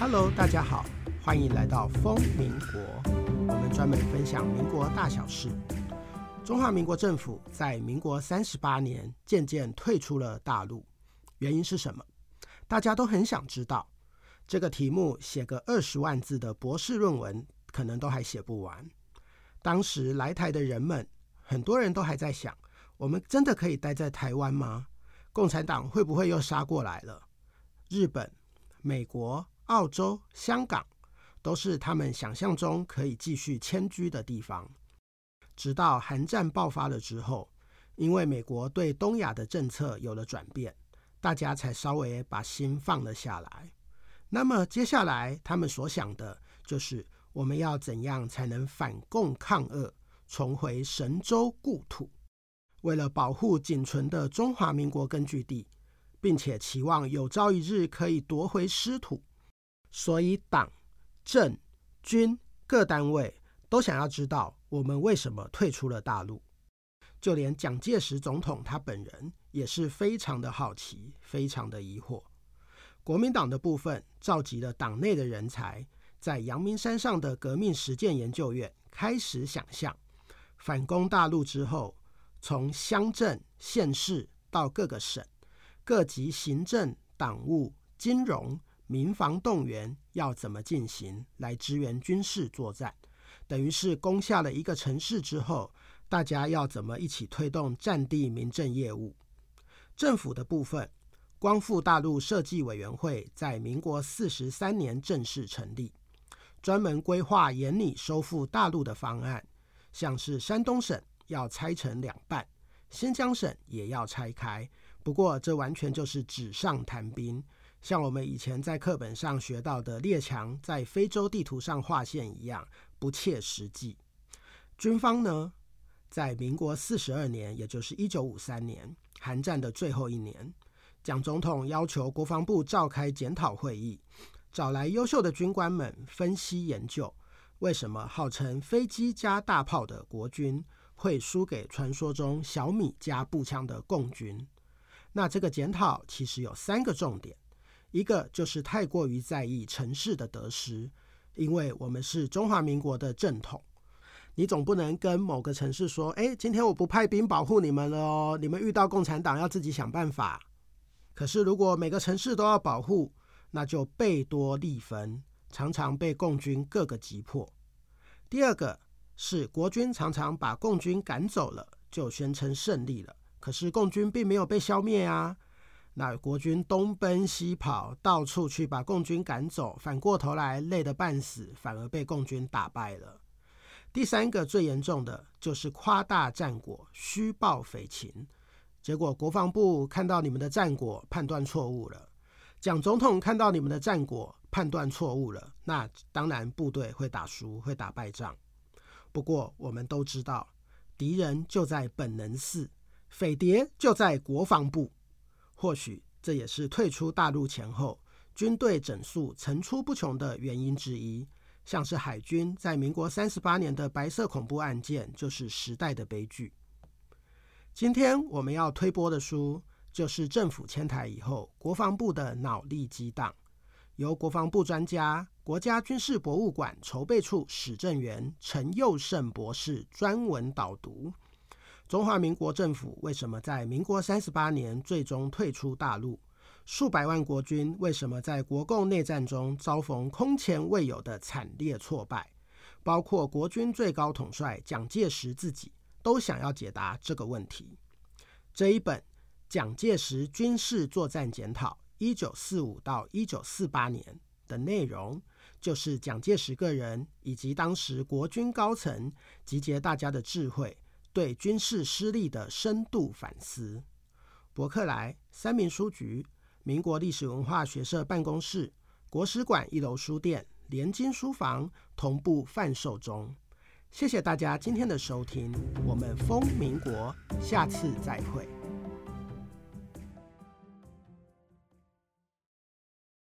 Hello，大家好，歡迎來到瘋民國。我們專門分享民國大小事。中華民國政府在民國三十八年漸漸退出了大陸，原因是什麼？大家都很想知道。這個題目寫個二十萬字的博士論文，可能都還寫不完。當時來台的人們，很多人都還在想：我們真的可以待在台灣嗎？共產黨會不會又殺過來了？日本、美國？澳洲、香港都是他們想象中可以繼續遷居的地方。直到韓戰爆發了之後，因為美國對東亞的政策有了轉變，大家才稍微把心放了下來。那麼接下來他們所想的就是：我們要怎樣才能反共抗俄，重回神州故土？為了保護僅存的中華民國根據地，並且期望有朝一日可以奪回失土。所以，黨、政、軍各單位都想要知道我們為什麼退出了大陸。就連蔣介石總統他本人也是非常的好奇，非常的疑惑。國民黨的部分召集了黨內的人才，在陽明山上的革命實踐研究院開始想象反攻大陸之後，從鄉鎮、縣市到各個省，各級行政、黨務、金融。民防動員要怎麼進行來支援軍事作戰？等於是攻下了一個城市之後，大家要怎麼一起推動戰地民政業務？政府的部分，光復大陸設計委員會在民國四十三年正式成立，專門規劃、研擬收復大陸的方案，像是山東省要拆成兩半，新疆省也要拆開。不過，這完全就是紙上談兵。像我們以前在課本上學到的，列強在非洲地圖上劃線一樣不切實際。軍方呢，在民國四十二年，也就是一九五三年，韓戰的最後一年，蔣總統要求國防部召開檢討會議，找來優秀的軍官們分析研究，為什麼號稱飛機加大炮的國軍會輸給傳說中小米加步槍的共軍？那這個檢討其實有三個重點。一個就是太過於在意城市的得失，因為我們是中華民國的正統，你總不能跟某個城市說：“哎，今天我不派兵保護你們了哦，你們遇到共產黨要自己想辦法。”可是如果每個城市都要保護，那就備多力分，常常被共軍各個擊破。第二個是國軍常常把共軍趕走了，就宣稱勝利了，可是共軍並沒有被消滅啊。那國軍東奔西跑，到處去把共軍趕走，反過頭來累得半死，反而被共軍打敗了。第三個最嚴重的就是誇大戰果、虛報匪情，結果國防部看到你們的戰果判斷錯誤了，蔣總統看到你們的戰果判斷錯誤了，那當然部隊會打輸，會打敗仗。不過我們都知道，敵人就在本能寺，匪諜就在國防部。或許這也是退出大陸前後軍隊整肅層出不窮的原因之一。像是海軍在民國三十八年的白色恐怖案件，就是時代的悲劇。今天我們要推播的書，就是政府遷台以後國防部的腦力激盪，由國防部專家、國家軍事博物館籌備處史政員陳佑勝博士專文導讀。中華民國政府為什麼在民國三十八年最終退出大陸？數百萬國軍為什麼在國共內戰中遭逢空前未有的慘烈挫敗？包括國軍最高統帥蔣介石自己都想要解答這個問題。這一本《蔣介石軍事作戰檢討（一九四五到一九四八年）》的內容，就是蔣介石個人以及當時國軍高層集結大家的智慧。對軍事失利的深度反思。博客來三民書局、民國歷史文化學社辦公室、國史館一樓書店、聯經書房同步販售中。謝謝大家今天的收聽，我們瘋民國，下次再會。